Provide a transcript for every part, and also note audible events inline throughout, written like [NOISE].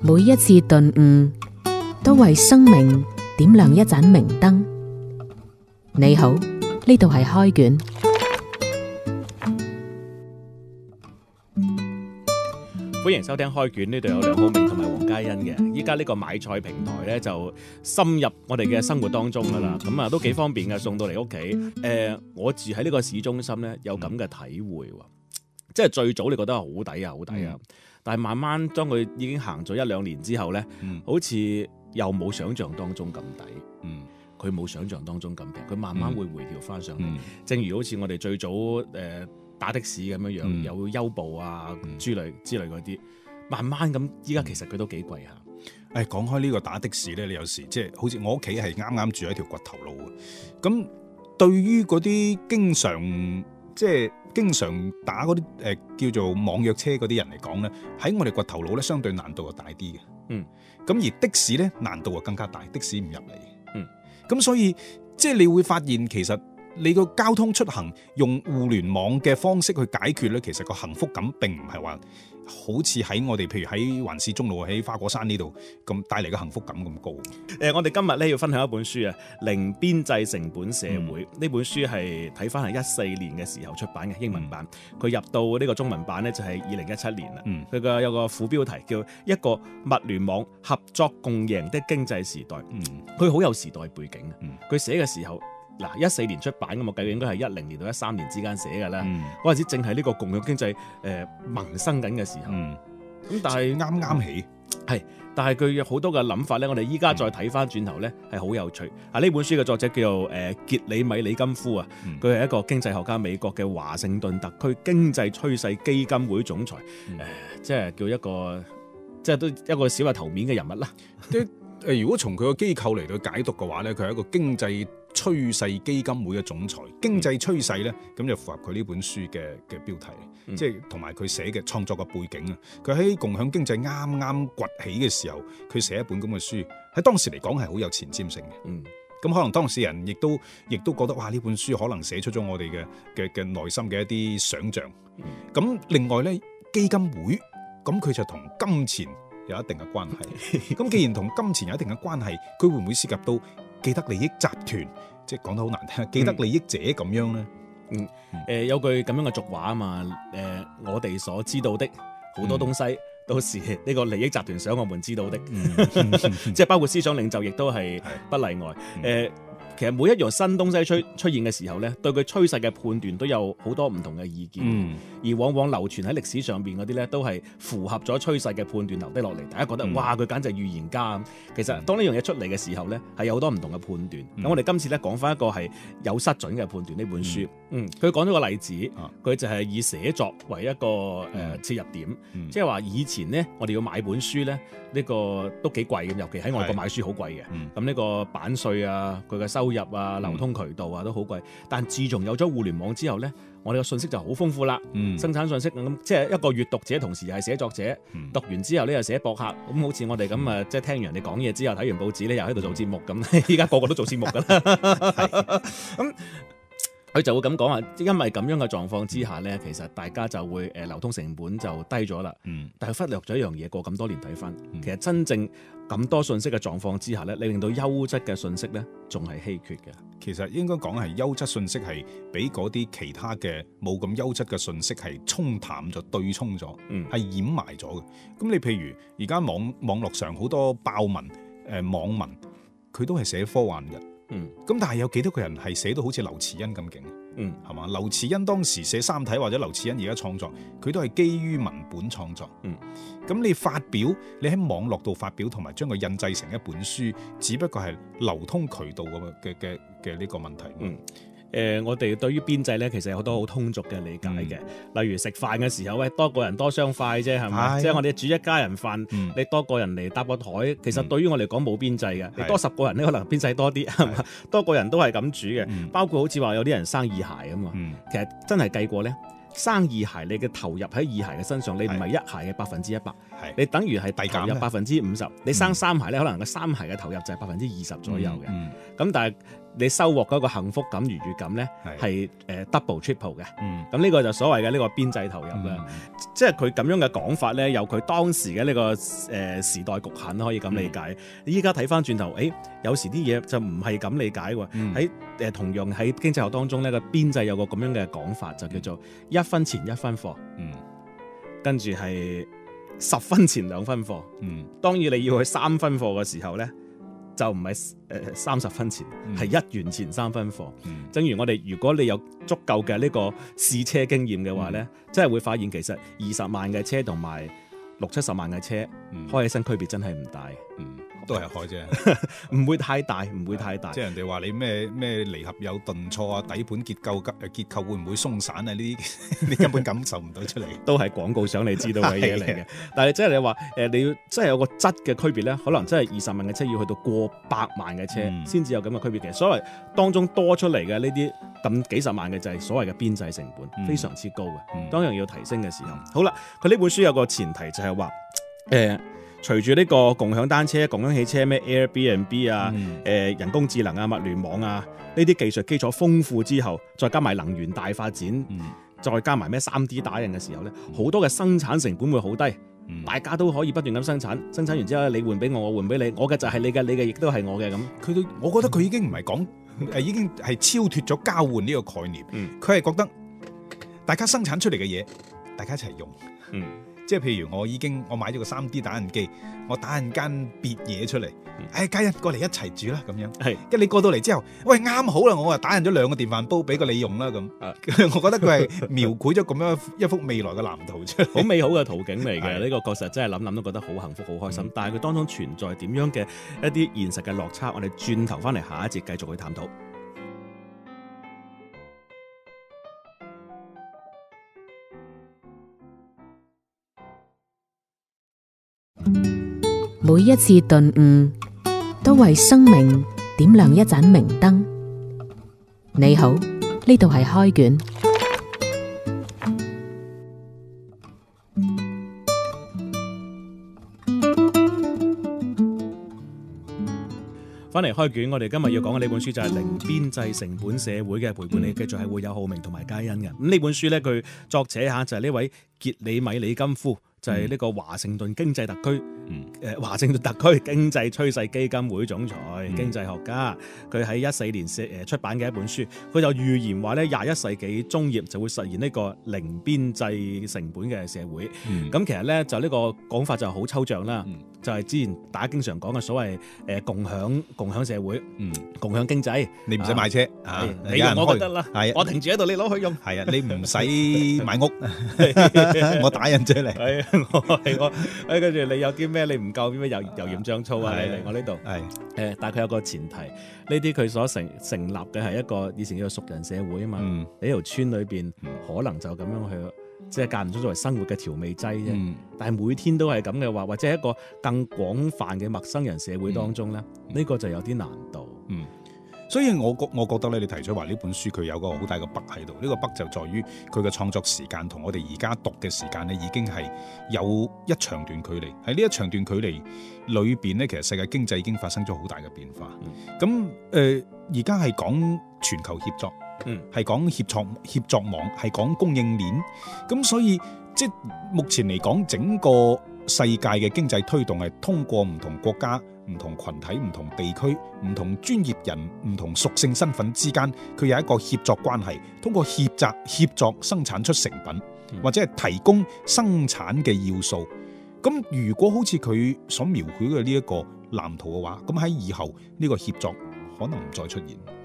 每一次頓悟，都為生命點亮一盞明燈。你好，呢度係開卷，歡迎收聽開卷。呢度有梁浩明同埋黃嘉欣嘅。依家呢個買菜平台咧，就深入我哋嘅生活當中啦。咁啊，都幾方便噶，送到嚟屋企。誒，我住喺呢個市中心咧，有咁嘅體會，即係最早你覺得好抵啊，好抵啊！但係慢慢，當佢已經行咗一兩年之後咧，嗯，好似又冇想象當中咁抵。佢，嗯、冇想象當中咁平，佢慢慢會回調返上嚟。正如好似我哋最早誒打的士咁樣樣，有優步啊、諸、嗯、類之類嗰啲，慢慢咁依家其實佢都幾貴嚇。誒、哎，講開呢個打的士咧，你有時即係、就是、好似我屋企係啱啱住喺條骨頭路，咁對於嗰啲經常。即係經常打嗰啲誒叫做網約車嗰啲人嚟講咧，喺我哋掘頭腦咧，相對難度就大啲嘅。嗯，咁而的士咧難度就更加大，的士唔入嚟。嗯，咁所以即係你會發現其實你個交通出行用互聯網嘅方式去解決咧，其實個幸福感並唔係話。好似喺我哋，譬如喺環市中路、喺花果山呢度咁帶嚟嘅幸福感咁高誒、呃。我哋今日咧要分享一本書啊，《零邊際成本社會》呢、嗯、本書係睇翻係一四年嘅時候出版嘅英文版，佢、嗯、入到呢個中文版咧就係二零一七年啦。嗯，佢個有個副標題叫一個物聯網合作共贏的經濟時代。嗯，佢好有時代背景佢寫嘅時候。嗱，一四年出版咁我計，應該係一零年到一三年之間寫㗎啦。嗰陣時正係呢個共享經濟誒、呃、萌生緊嘅時候。咁但係啱啱起係，但係佢、嗯、有好多嘅諗法咧，我哋依家再睇返轉頭咧係好有趣。啊，呢本書嘅作者叫做誒、呃、傑里米里金夫啊，佢、嗯、係一個經濟學家，美國嘅華盛頓特區經濟趨勢基金會總裁，誒、嗯呃、即係叫一個即係都一個小下頭面嘅人物啦。啲、嗯、誒，如果從佢個機構嚟到解讀嘅話咧，佢 [LAUGHS] 係一個經濟。趨勢基金會嘅總裁，經濟趨勢呢，咁就符合佢呢本書嘅嘅標題，嗯、即係同埋佢寫嘅創作嘅背景啊。佢喺共享經濟啱啱崛起嘅時候，佢寫一本咁嘅書，喺當時嚟講係好有前瞻性嘅。咁、嗯、可能當事人亦都亦都覺得哇，呢本書可能寫出咗我哋嘅嘅嘅內心嘅一啲想象。咁、嗯、另外呢，基金會咁佢就同金錢有一定嘅關係。咁 [LAUGHS] 既然同金錢有一定嘅關係，佢會唔會涉及到？既得利益集團，即係講得好難聽，既得利益者咁樣咧。嗯，誒、嗯嗯呃、有句咁樣嘅俗話啊嘛，誒、呃、我哋所知道的好多東西，嗯、都是呢個利益集團想我們知道的，即、嗯、係 [LAUGHS] 包括思想領袖，亦都係不例外。誒。嗯呃其實每一樣新東西出出現嘅時候咧，對佢趨勢嘅判斷都有好多唔同嘅意見、嗯，而往往流傳喺歷史上邊嗰啲咧，都係符合咗趨勢嘅判斷留低落嚟，大家覺得、嗯、哇佢簡直係預言家。其實當呢樣嘢出嚟嘅時候咧，係有好多唔同嘅判斷。咁、嗯、我哋今次咧講翻一個係有失準嘅判斷呢本書。佢、嗯嗯、講咗個例子，佢、嗯、就係以寫作為一個誒切、嗯呃、入點，即係話以前呢，我哋要買本書咧，呢、呢個都幾貴嘅，尤其喺外國買書好貴嘅。咁呢個版稅啊，佢嘅收輸入啊，流通渠道啊都好貴，但自從有咗互聯網之後呢，我哋嘅信息就好豐富啦。嗯，生產信息咁，即係一個閱讀者同時又係寫作者、嗯，讀完之後呢又寫博客，咁好似我哋咁啊，即係聽完人哋講嘢之後，睇完報紙呢，又喺度做節目咁，依家個個都做節目噶啦。 [LAUGHS] 是的 [LAUGHS] 佢就會咁講話，因為咁樣嘅狀況之下呢、嗯，其實大家就會誒流通成本就低咗啦。嗯。但係忽略咗一樣嘢，過咁多年睇返、嗯，其實真正咁多信息嘅狀況之下呢，你令到優質嘅信息呢，仲係稀缺嘅。其實應該講係優質信息係畀嗰啲其他嘅冇咁優質嘅信息係沖淡咗、對沖咗，嗯，係掩埋咗嘅。咁你譬如而家網網絡上好多爆文誒、呃、網民，佢都係寫科幻嘅。嗯，咁但係有幾多個人係寫到好似劉慈欣咁勁？嗯，係嘛？劉慈欣當時寫三體或者劉慈欣而家創作，佢都係基於文本創作。嗯，咁你發表，你喺網絡度發表，同埋將佢印製成一本書，只不過係流通渠道嘅嘅嘅嘅呢個問題。嗯。誒、呃，我哋對於邊際咧，其實有好多好通俗嘅理解嘅、嗯。例如食飯嘅時候，喂多個人多雙筷啫，係咪、哎？即係我哋煮一家人飯，嗯、你多個人嚟搭個台，其實對於我哋講冇邊際嘅、嗯。你多十個人咧，可能邊際多啲，係、嗯、咪？多個人都係咁煮嘅、嗯。包括好似話有啲人生二孩咁啊、嗯，其實真係計過咧，生二孩你嘅投入喺二孩嘅身上，你唔係一孩嘅百分之一百，你等於係投入百分之五十。你生三孩咧，可能個三孩嘅投入就係百分之二十左右嘅。咁、嗯嗯嗯、但係，你收穫嗰個幸福感、愉悅感咧，係誒 double、triple 嘅。咁呢個就係所謂嘅呢個邊際投入啦、嗯。嗯嗯、即係佢咁樣嘅講法咧，由佢當時嘅呢個誒時代局限可以咁理解。依家睇翻轉頭，誒、欸、有時啲嘢就唔係咁理解喎、嗯。喺誒同樣喺經濟學當中咧，邊際個邊際有個咁樣嘅講法，就叫做一分錢一分貨。嗯，跟住係十分錢兩分貨。嗯，當然你要去三分貨嘅時候咧。就唔係誒三十分錢，係、嗯、一元錢三分貨、嗯。正如我哋，如果你有足夠嘅呢個試車經驗嘅話呢、嗯、真係會發現其實二十萬嘅車同埋六七十萬嘅車、嗯、開起身區別真係唔大。嗯都係開啫，唔 [LAUGHS] 會太大，唔會太大。即、就、係、是、人哋話你咩咩離合有頓挫啊，底盤結構結結構會唔會鬆散啊？呢啲 [LAUGHS] 你根本感受唔到出嚟。 [LAUGHS] 都係廣告想你知道嘅嘢嚟嘅。但係即係你話誒，你要真係有個質嘅區別咧，可能真係二十萬嘅車要去到過百萬嘅車先至、嗯、有咁嘅區別。嘅。所謂當中多出嚟嘅呢啲咁幾十萬嘅就係所謂嘅邊際成本，嗯、非常之高嘅。當然要提升嘅時候。嗯、好啦，佢呢本書有個前提就係話誒。呃隨住呢個共享單車、共享汽車、咩 Airbnb 啊、誒、嗯呃、人工智能啊、物聯網啊，呢啲技術基礎豐富之後，再加埋能源大發展，嗯、再加埋咩三 D 打印嘅時候咧，好、嗯、多嘅生產成本會好低、嗯，大家都可以不斷咁生產，生產完之後你換俾我，我換俾你，我嘅就係你嘅，你嘅亦都係我嘅，咁佢都，我覺得佢已經唔係講，已經係超脫咗交換呢個概念，佢、嗯、係覺得大家生產出嚟嘅嘢，大家一齊用，嗯。即係譬如我已經我買咗個三 D 打印機，我打印間別嘢出嚟，誒、哎、家人過嚟一齊住啦咁樣。係，跟住你過到嚟之後，喂啱好啦，我啊打印咗兩個電飯煲俾個你用啦咁。啊，我覺得佢係描繪咗咁樣一幅未來嘅藍圖出嚟，好美好嘅圖景嚟嘅。呢、這個確實真係諗諗都覺得好幸福、好開心。嗯、但係佢當中存在點樣嘅一啲現實嘅落差，我哋轉頭翻嚟下一節繼續去探討。每一次頓悟，都為生命點亮一盞明燈。你好，呢度係開卷。翻嚟開卷，我哋今日要講嘅呢本書就係零邊際成本社會嘅陪伴。你繼續係會有浩明同埋嘉欣嘅。咁呢本書呢，佢作者吓就係呢位。傑里米李金夫就係、是、呢個華盛頓經濟特區，誒、嗯、華、呃、盛頓特區經濟趨勢基金會總裁，嗯、經濟學家，佢喺一四年誒出版嘅一本書，佢就預言話咧廿一世紀中葉就會實現呢個零邊際成本嘅社會，咁、嗯、其實咧就呢個講法就好抽象啦、嗯，就係、是、之前大家經常講嘅所謂誒共享共享社會，共享經濟，你唔使買車啊，啊，你用我覺得啦，我停住喺度，你攞去用，係啊， [LAUGHS] 你唔使用買屋。 [LAUGHS] [LAUGHS] 我打印人出嚟， [LAUGHS] 我誒，跟住你有啲咩，你唔夠啲咩油油鹽醬醋啊，嚟、啊、我呢度，係，誒，但係佢有個前提，呢啲佢所成成立嘅係一個以前叫做熟人社會啊嘛，呢、嗯、條村裏邊可能就咁樣去，嗯、即係間唔中作為生活嘅調味劑啫、嗯，但係每天都係咁嘅話，或者係一個更廣泛嘅陌生人社會當中咧，呢、嗯這個就有啲難度。嗯嗯所以我覺我覺得咧，你提出話呢本書佢有個好大個 bug 喺度，呢個 bug 就在於佢嘅創作時間同我哋而家讀嘅時間咧已經係有一長段距離。喺呢一長段距離裏邊咧，其實世界經濟已經發生咗好大嘅變化。咁、嗯、誒，而家係講全球協作，嗯，係講協作協作網，係講供應鏈。咁所以即目前嚟講，整個世界嘅經濟推動係通過唔同國家。唔同群體、唔同地區、唔同專業人、唔同屬性身份之間，佢有一個協作關係，通過協集、協作生產出成品，或者係提供生產嘅要素。咁如果好似佢所描繪嘅呢一個藍圖嘅話，咁喺以後呢個協作可能唔再出現。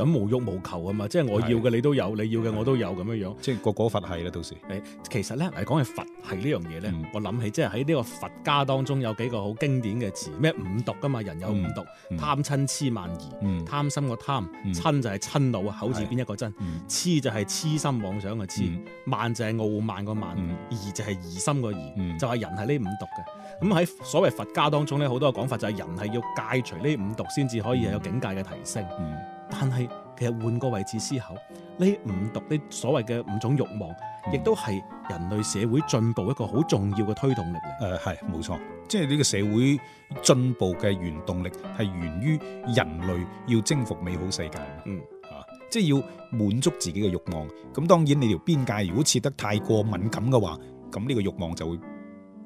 咁無慾無求啊嘛，即係我要嘅你都有，你要嘅我都有，咁樣樣，即係個個佛系啦。到時誒，其實咧嚟講係佛系呢樣嘢咧，我諗起即係喺呢個佛家當中有幾個好經典嘅詞，咩、嗯、五毒噶嘛，人有五毒，貪、嗯、親痴慢疑。貪、嗯、心個貪，親、嗯、就係親老啊，口字邊一個真，嗯、痴就係痴心妄想嘅痴、嗯，慢就係傲慢個慢，疑、嗯、就係疑心個疑，嗯、就係、是、人係呢五毒嘅。咁、嗯、喺所謂佛家當中咧，好多嘅講法就係人係要戒除呢五毒先至可以有境界嘅提升。嗯嗯。但係，其實換個位置思考，呢五毒呢，所謂嘅五種慾望，亦都係人類社會進步一個好重要嘅推動力嚟。誒、呃，係冇錯，即係呢個社會進步嘅原動力係源於人類要征服美好世界。嗯，吓、啊，即係要滿足自己嘅慾望。咁當然，你條邊界如果設得太過敏感嘅話，咁呢個慾望就會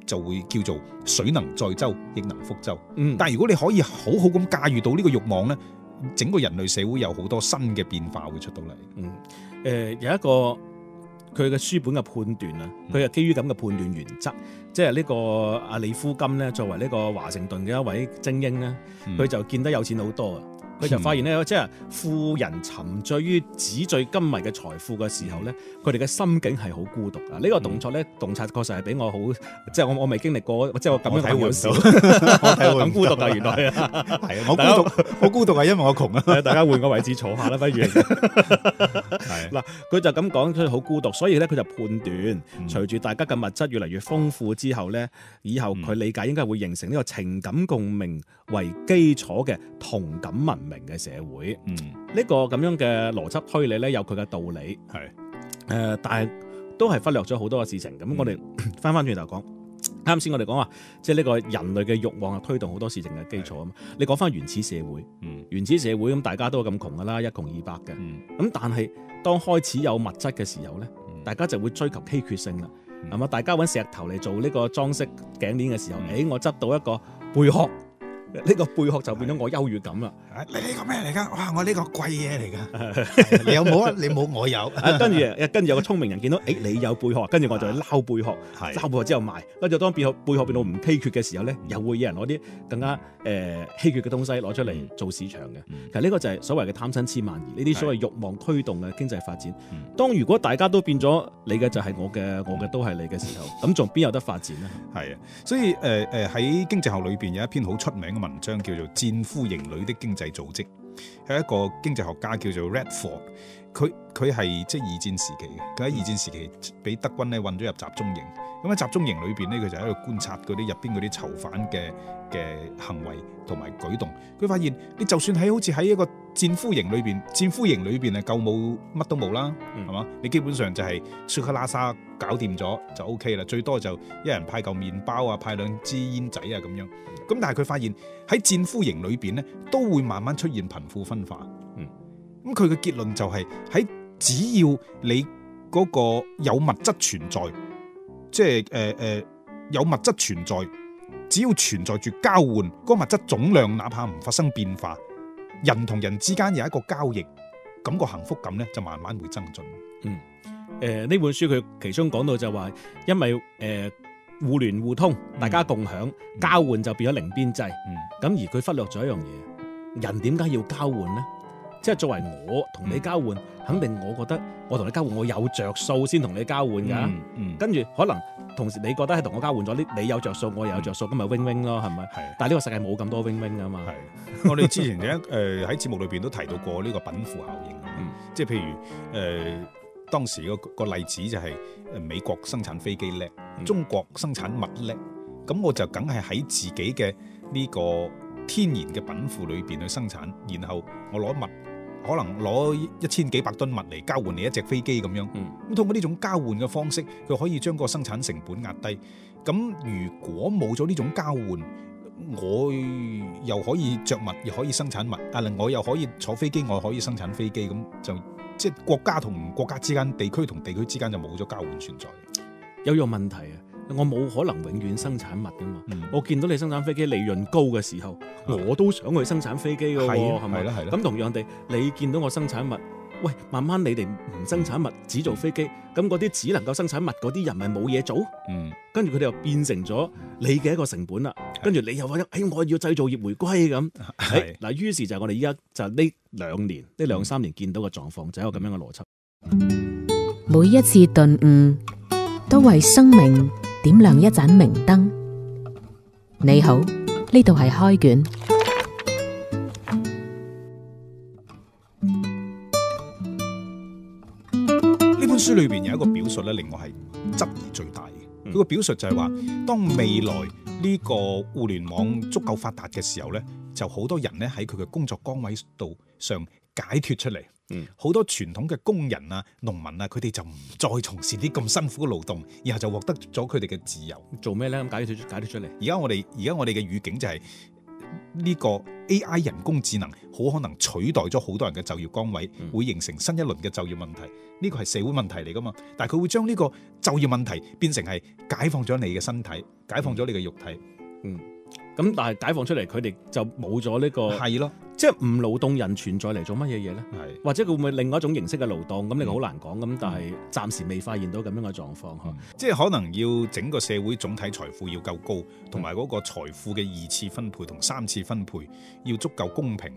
就會叫做水能載舟亦能覆舟。嗯，但係如果你可以好好咁駕馭到呢個慾望咧。整個人類社會有好多新嘅變化會出到嚟，嗯，誒、呃、有一個佢嘅書本嘅判斷啊，佢係基於咁嘅判斷原則，嗯、即係呢、呢個阿里夫金咧，作為呢個華盛頓嘅一位精英咧，佢就見得有錢好多啊！嗯嗯佢就發現咧、嗯，即係富人沉醉於紙醉金迷嘅財富嘅時候咧，佢哋嘅心境係好孤獨啊！呢、呢個動作咧，洞、嗯、察確實係比我好，即係我我未經歷過，嗯、即係我咁樣體會到，我咁孤獨啊！ [LAUGHS] 不 [LAUGHS] 原來係啊，我孤獨，好 [LAUGHS] 孤獨啊！因為我窮啊！ [LAUGHS] 大家換個位置坐下啦，不如係嗱，佢、 [LAUGHS] 嗯、就咁講出好孤獨，所以咧佢就判斷，嗯、隨住大家嘅物質越嚟越豐富之後咧、嗯，以後佢理解應該會形成呢個情感共鳴為基礎嘅同感文。明嘅社會，嗯，呢、這個咁樣嘅邏輯推理咧，有佢嘅道理，係，誒、呃，但係都係忽略咗好多嘅事情。咁、嗯、我哋翻翻轉頭講，啱、嗯、先我哋講話，即係呢個人類嘅欲望係推動好多事情嘅基礎啊嘛。你講翻原始社會，嗯、原始社會咁大家都咁窮㗎啦，一窮二白嘅，咁、嗯、但係當開始有物質嘅時候咧、嗯，大家就會追求稀缺性啦，係、嗯、嘛？大家揾石頭嚟做呢個裝飾頸鏈嘅時候，誒、嗯欸，我執到一個貝殼。呢、這個貝殼就變咗我優越感啦！你呢個咩嚟噶？哇！我呢個貴嘢嚟噶！你有冇啊？你冇我有 [LAUGHS] 跟着。跟住，跟住有個聰明人見到，誒、 [LAUGHS] 哎，你有貝殼，跟住我就去撈貝殼，啊、撈貝殼之後賣。跟住當貝殼貝殼變到唔稀缺嘅時候咧，又會有人攞啲更加誒、嗯呃、稀缺嘅東西攞出嚟做市場嘅、嗯。其實呢個就係所謂嘅貪嗔痴慢疑，呢啲所謂欲望推動嘅經濟發展。當如果大家都變咗你嘅就係我嘅、嗯，我嘅都係你嘅時候，咁仲邊有得發展咧？係啊，所以誒誒喺經濟學裏邊有一篇好出名文章叫做《戰俘營裡的經濟組織》，係一個經濟學家叫做 Radford，佢佢係即係二戰時期嘅。佢喺二戰時期俾德軍咧運咗入集中營，咁喺集中營裏邊咧，佢就喺度觀察嗰啲入邊嗰啲囚犯嘅嘅行為同埋舉動。佢發現，你就算喺好似喺一個戰俘營裏邊，戰俘營裏邊啊，夠冇乜都冇啦，係嘛？你基本上就係吃喝拉撒搞掂咗就 OK 啦，最多就一人派嚿麵包啊，派兩支煙仔啊咁樣。咁但係佢發現喺戰俘營裏邊咧，都會慢慢出現貧富分化。嗯，咁佢嘅結論就係、是、喺只要你嗰個有物質存在，即係誒誒有物質存在，只要存在住交換嗰、那個、物質總量，哪怕唔發生變化，人同人之間有一個交易，咁、那個幸福感咧就慢慢會增進。嗯，誒、呃、呢本書佢其中講到就話，因為誒。呃互聯互通，大家共享、嗯、交換就變咗零邊際。咁、嗯、而佢忽略咗一樣嘢，人點解要交換呢？即係作為我同你交換、嗯，肯定我覺得我同你交換，我有着數先同你交換㗎、嗯嗯。跟住可能同時你覺得係同我交換咗啲，你有着數，我又有着數，咁咪 win win 咯，係咪？但係呢個世界冇咁多 win win 㗎嘛。係。我哋之前一喺節目裏邊都提到過呢個稟賦效應，即、嗯、係、就是、譬如誒、呃、當時個例子就係誒美國生產飛機叻。嗯、中國生產物力，咁我就梗係喺自己嘅呢個天然嘅品庫裏邊去生產，然後我攞物，可能攞一千幾百噸物嚟交換你一隻飛機咁樣。咁、嗯、通過呢種交換嘅方式，佢可以將個生產成本壓低。咁如果冇咗呢種交換，我又可以着物，又可以生產物。阿另我又可以坐飛機，我又可以生產飛機，咁就即係、就是、國家同國家之間、地區同地區之間就冇咗交換存在。有個問題啊！我冇可能永遠生產物噶嘛、嗯。我見到你生產飛機，利潤高嘅時候，我都想去生產飛機噶喎，係咪？咁同樣地，你見到我生產物，喂，慢慢你哋唔生產物、嗯，只做飛機，咁嗰啲只能夠生產物嗰啲人，咪冇嘢做？跟住佢哋又變成咗你嘅一個成本啦。跟住你又話、哎：，我要製造業回歸咁。嗱、哎，於是就係我哋依家就呢、是、兩年呢兩三年見到嘅狀況，就係一個咁樣嘅邏輯。每一次頓悟。都為生命點亮一盞明燈。你好，呢度係開卷。呢本書裏邊有一個表述咧，令我係質疑最大嘅。佢個表述就係話，當未來呢個互聯網足夠發達嘅時候咧，就好多人咧喺佢嘅工作崗位度上解脫出嚟。嗯，好多傳統嘅工人啊、農民啊，佢哋就唔再從事啲咁辛苦嘅勞動，然後就獲得咗佢哋嘅自由。做咩咧？咁解脫出，解脫出嚟。而家我哋，而家我哋嘅語境就係、是、呢、這個 AI 人工智能好可能取代咗好多人嘅就業崗位、嗯，會形成新一輪嘅就業問題。呢個係社會問題嚟㗎嘛，但係佢會將呢個就業問題變成係解放咗你嘅身體，嗯、解放咗你嘅肉體。嗯。咁但係解放出嚟，佢哋就冇咗呢個係咯，即係唔勞動人存在嚟做乜嘢嘢咧？係或者佢會唔會另外一種形式嘅勞動？咁你好難講。咁但係暫時未發現到咁樣嘅狀況。嗬，即係可能要整個社會總體財富要夠高，同埋嗰個財富嘅二次分配同三次分配要足夠公平，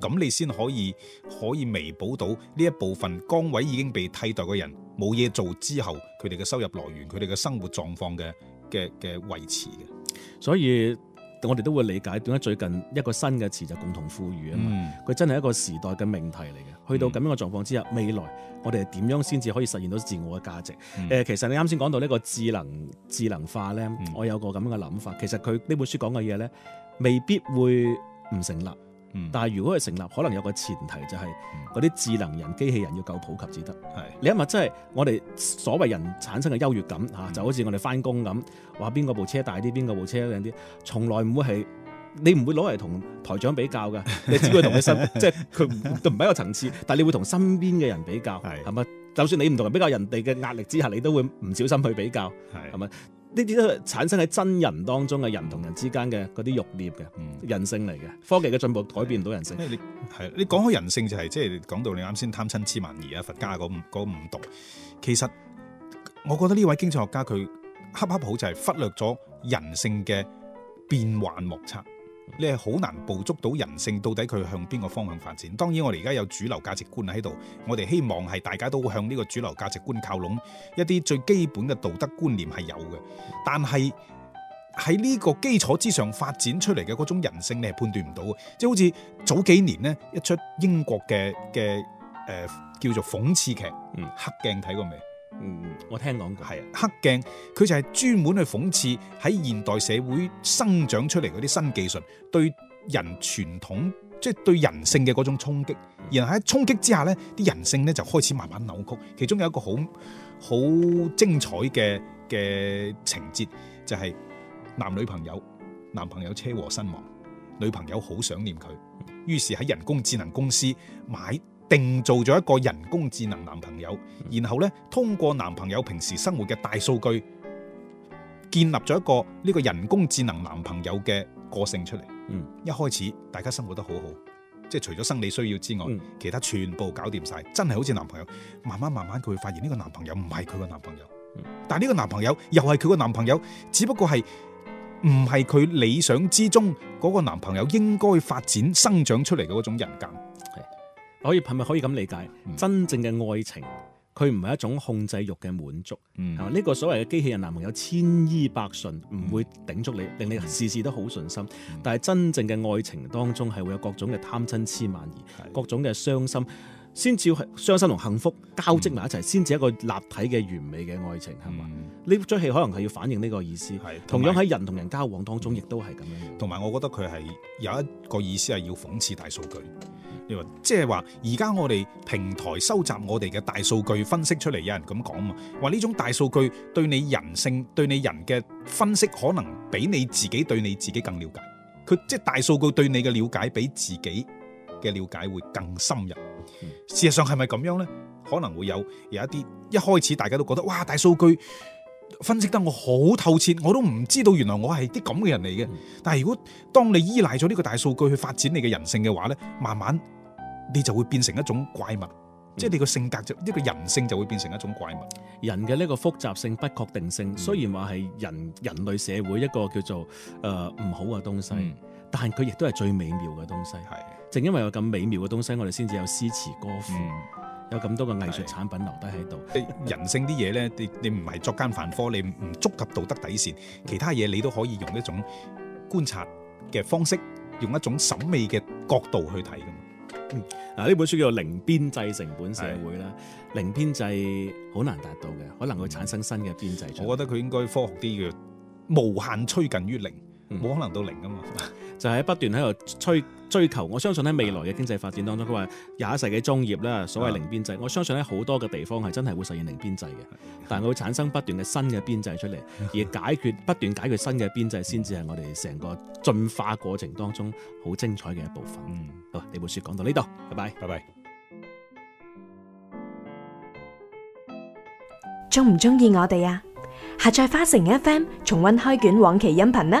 咁你先可以可以彌補到呢一部分崗位已經被替代嘅人冇嘢做之後，佢哋嘅收入來源、佢哋嘅生活狀況嘅嘅嘅維持嘅。所以我哋都會理解點解最近一個新嘅詞就共同富裕啊嘛，佢真係一個時代嘅命題嚟嘅。去到咁樣嘅狀況之下，未來我哋係點樣先至可以實現到自我嘅價值？誒，其實你啱先講到呢個智能智能化咧，我有個咁樣嘅諗法。其實佢呢本書講嘅嘢咧，未必會唔成立。嗯、但係如果佢成立，可能有個前提就係嗰啲智能人、機器人要夠普及至得。係你諗下，真係我哋所謂人產生嘅優越感吓，就好似我哋返工咁，話邊個部車大啲，邊個部車靚啲，從來唔會係你唔會攞嚟同台長比較㗎。你只會同佢身，即係佢都唔係一個層次。但係你會同身邊嘅人比較，係咪？就算你唔同人比較，人哋嘅壓力之下，你都會唔小心去比較，係咪？呢啲都產生喺真人當中嘅人同人之間嘅嗰啲慾孽嘅人性嚟嘅。科技嘅進步、嗯、改變唔到人性。係你講開人性就係，即係講到你啱先貪親痴慢疑貪嗔痴慢疑啊，佛家五嗰五毒。其實我覺得呢位經濟學家佢恰恰好就係忽略咗人性嘅變幻莫測。你係好難捕捉到人性到底佢向邊個方向發展。當然，我哋而家有主流價值觀喺度，我哋希望係大家都向呢個主流價值觀靠攏。一啲最基本嘅道德觀念係有嘅，但係喺呢個基礎之上發展出嚟嘅嗰種人性，你係判斷唔到嘅。即係好似早幾年呢，一出英國嘅嘅誒叫做諷刺劇，嗯，黑鏡睇過未？嗯，我聽講過，係啊，黑鏡佢就係專門去諷刺喺現代社會生長出嚟嗰啲新技術對人傳統，即係對人性嘅嗰種衝擊。然後喺衝擊之下呢啲人性呢就開始慢慢扭曲。其中有一個好好精彩嘅嘅情節就係男女朋友，男朋友車禍身亡，女朋友好想念佢，於是喺人工智能公司買。定做咗一個人工智能男朋友、嗯，然後呢，通過男朋友平時生活嘅大數據，建立咗一個呢個人工智能男朋友嘅個性出嚟。嗯，一開始大家生活得好好，即係除咗生理需要之外，嗯，其他全部搞掂晒，真係好似男朋友。慢慢慢慢，佢會發現呢個男朋友唔係佢個男朋友，嗯，但係呢個男朋友又係佢個男朋友，只不過係唔係佢理想之中嗰個男朋友應該發展生長出嚟嘅嗰種人格。可以係咪可以咁理解？嗯、真正嘅愛情，佢唔係一種控制欲嘅滿足。啊、嗯，呢、呢個所謂嘅機器人男朋友千依百順，唔、嗯、會頂觸你、嗯，令你事事都好順心。嗯、但係真正嘅愛情當中，係會有各種嘅貪嗔痴慢疑，各種嘅傷心，先至要係傷心同幸福交織埋一齊，先、嗯、至一個立體嘅完美嘅愛情，係嘛？呢出戲可能係要反映呢個意思。同樣喺人同人交往當中，亦都係咁樣。同埋，我覺得佢係有一個意思係要諷刺大數據。即係話，而家我哋平台收集我哋嘅大數據分析出嚟，有人咁講嘛，話呢種大數據對你人性、對你人嘅分析，可能比你自己對你自己更了解。佢即係大數據對你嘅了解，比自己嘅了解會更深入。事實上係咪咁樣呢？可能會有有一啲，一開始大家都覺得哇，大數據分析得我好透徹，我都唔知道原來我係啲咁嘅人嚟嘅。但係如果當你依賴咗呢個大數據去發展你嘅人性嘅話呢，慢慢。你就會變成一種怪物，即係你個性格就一個人性就會變成一種怪物。人嘅呢個複雜性、不確定性，雖然話係人人類社會一個叫做誒、呃、唔好嘅東西，嗯、但係佢亦都係最美妙嘅東西。係正因為有咁美妙嘅東西，我哋先至有詩詞歌賦，嗯、有咁多嘅藝術產品留低喺度。 [LAUGHS] 人性啲嘢呢，你你唔係作奸犯科，你唔觸及道德底線，其他嘢你都可以用一種觀察嘅方式，用一種審美嘅角度去睇。嗱，呢本書叫做零邊際成本社會啦，零邊際好難達到嘅，可能會產生新嘅邊際。我覺得佢應該科學啲嘅，叫無限趨近於零，冇、嗯、可能到零啊嘛。 [LAUGHS] 就係不斷喺度追追求，我相信喺未來嘅經濟發展當中，佢話廿一世紀中葉啦，所謂零編制，我相信喺好多嘅地方係真係會實現零編制嘅，但係佢會產生不斷嘅新嘅編制出嚟，而解決不斷解決新嘅編制，先至係我哋成個進化過程當中好精彩嘅一部分。好，你本書講到呢度，拜拜，拜拜。中唔中意我哋啊？下載花城 FM 重溫開卷往期音頻呢。